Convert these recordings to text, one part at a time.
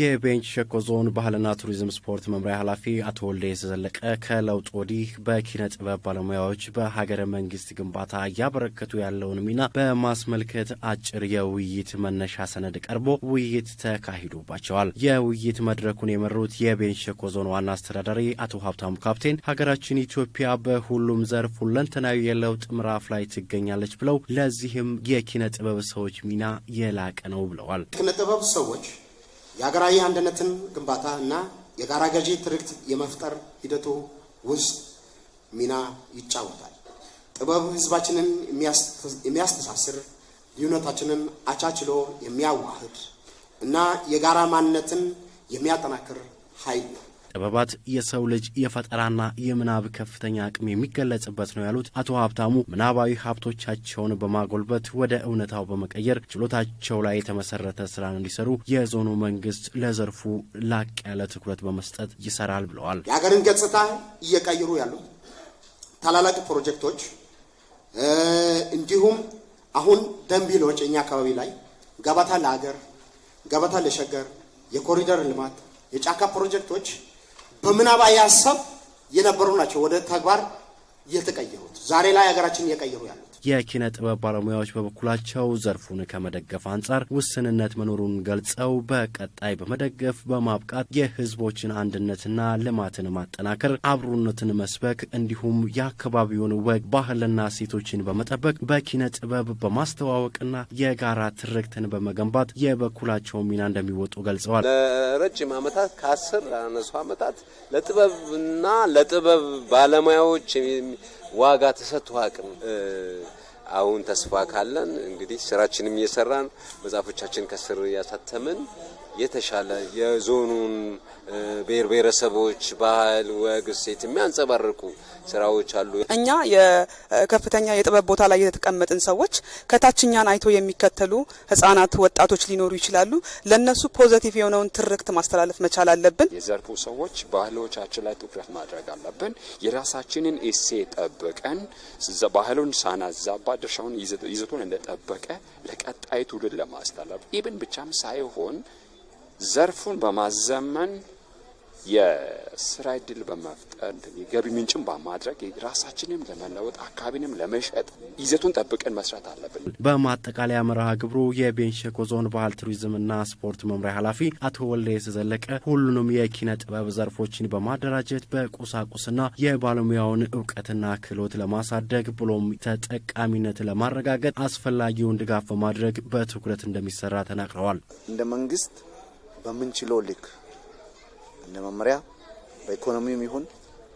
የቤንች ሸኮ ዞን ባህልና ቱሪዝም ስፖርት መምሪያ ኃላፊ አቶ ወልደ የተዘለቀ ከለውጥ ወዲህ በኪነ ጥበብ ባለሙያዎች በሀገረ መንግስት ግንባታ እያበረከቱ ያለውን ሚና በማስመልከት አጭር የውይይት መነሻ ሰነድ ቀርቦ ውይይት ተካሂዶባቸዋል። የውይይት መድረኩን የመሩት የቤንች ሸኮ ዞን ዋና አስተዳዳሪ አቶ ሀብታሙ ካፕቴን ሀገራችን ኢትዮጵያ በሁሉም ዘርፍ ሁለንተናዊ የለውጥ ምዕራፍ ላይ ትገኛለች ብለው ለዚህም የኪነ ጥበብ ሰዎች ሚና የላቀ ነው ብለዋል። ኪነ ጥበብ ሰዎች የሀገራዊ አንድነትን ግንባታ እና የጋራ ገዢ ትርክት የመፍጠር ሂደቱ ውስጥ ሚና ይጫወታል። ጥበብ ህዝባችንን የሚያስተሳስር፣ ልዩነታችንን አቻችሎ የሚያዋህድ እና የጋራ ማንነትን የሚያጠናክር ኃይል ነው። ጥበባት የሰው ልጅ የፈጠራና የምናብ ከፍተኛ አቅም የሚገለጽበት ነው ያሉት አቶ ሀብታሙ ምናባዊ ሀብቶቻቸውን በማጎልበት ወደ እውነታው በመቀየር ችሎታቸው ላይ የተመሰረተ ስራን እንዲሰሩ የዞኑ መንግስት ለዘርፉ ላቅ ያለ ትኩረት በመስጠት ይሰራል ብለዋል። የሀገርን ገጽታ እየቀየሩ ያሉ ታላላቅ ፕሮጀክቶች እንዲሁም አሁን ደንብ ሎጭ እኛ አካባቢ ላይ ገበታ ለሀገር ገበታ ለሸገር የኮሪደር ልማት የጫካ ፕሮጀክቶች በምናባዊ ሀሳብ የነበሩ ናቸው ወደ ተግባር የተቀየሩት ዛሬ ላይ ሀገራችን እየቀየሩ ያሉት። የኪነ ጥበብ ባለሙያዎች በበኩላቸው ዘርፉን ከመደገፍ አንጻር ውስንነት መኖሩን ገልጸው በቀጣይ በመደገፍ በማብቃት የህዝቦችን አንድነትና ልማትን ማጠናከር፣ አብሮነትን መስበክ እንዲሁም የአካባቢውን ወግ ባህልና ሴቶችን በመጠበቅ በኪነ ጥበብ በማስተዋወቅና የጋራ ትርክትን በመገንባት የበኩላቸውን ሚና እንደሚወጡ ገልጸዋል። ለረጅም ዓመታት ከአስር አነሱ ዓመታት ለጥበብና ለጥበብ ባለሙያዎች ዋጋ ተሰጥቶ አቅም አሁን ተስፋ ካለን እንግዲህ ስራችንም እየሰራን መጽሐፎቻችን ከስር ያሳተምን የተሻለ የዞኑን ብሔር ብሔረሰቦች ባህል፣ ወግ፣ እሴት የሚያንጸባርቁ ስራዎች አሉ። እኛ የከፍተኛ የጥበብ ቦታ ላይ የተቀመጥን ሰዎች ከታችኛን አይቶ የሚከተሉ ህጻናት፣ ወጣቶች ሊኖሩ ይችላሉ። ለእነሱ ፖዘቲቭ የሆነውን ትርክት ማስተላለፍ መቻል አለብን። የዘርፉ ሰዎች ባህሎቻችን ላይ ትኩረት ማድረግ አለብን። የራሳችንን እሴት ጠብቀን ባህሉን ሳናዛባ ድርሻውን ይዘቱን እንደጠበቀ ለቀጣይ ትውልድ ለማስተላለፍ ኢብን ብቻም ሳይሆን ዘርፉን በማዘመን የስራ እድል በመፍጠር የገቢ ምንጭም በማድረግ ራሳችንም ለመለወጥ አካባቢንም ለመሸጥ ይዘቱን ጠብቀን መስራት አለብን። በማጠቃለያ መርሃ ግብሩ የቤንሸኮ ዞን ባህል ቱሪዝምና ስፖርት መምሪያ ኃላፊ አቶ ወልደየስ ዘለቀ ሁሉንም የኪነ ጥበብ ዘርፎችን በማደራጀት በቁሳቁስና የባለሙያውን እውቀትና ክህሎት ለማሳደግ ብሎም ተጠቃሚነት ለማረጋገጥ አስፈላጊውን ድጋፍ በማድረግ በትኩረት እንደሚሰራ ተናግረዋል። እንደ መንግስት በምንችለው ልክ እንደ መመሪያ በኢኮኖሚም ይሁን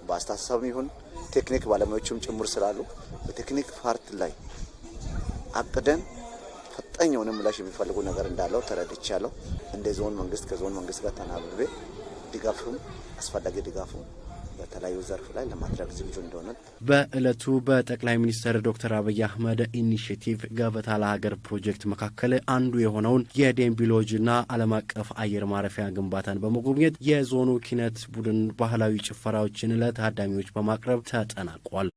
በአስተሳሰብም ይሁን ቴክኒክ ባለሙያዎችም ጭምር ስላሉ በቴክኒክ ፓርት ላይ አቅደን ፈጣኝ የሆነ ምላሽ የሚፈልጉ ነገር እንዳለው ተረድቻለሁ። እንደ ዞን መንግስት ከዞን መንግስት ጋር ተናብቤ ድጋፍም አስፈላጊ ድጋፍም በተለያዩ ዘርፍ ላይ ለማድረግ ዝግጁ እንደሆነ በእለቱ በጠቅላይ ሚኒስትር ዶክተር አብይ አህመድ ኢኒሽቲቭ ገበታ ለሀገር ፕሮጀክት መካከል አንዱ የሆነውን የዴምቢሎጅና ዓለም አቀፍ አየር ማረፊያ ግንባታን በመጎብኘት የዞኑ ኪነት ቡድን ባህላዊ ጭፈራዎችን ለታዳሚዎች በማቅረብ ተጠናቋል።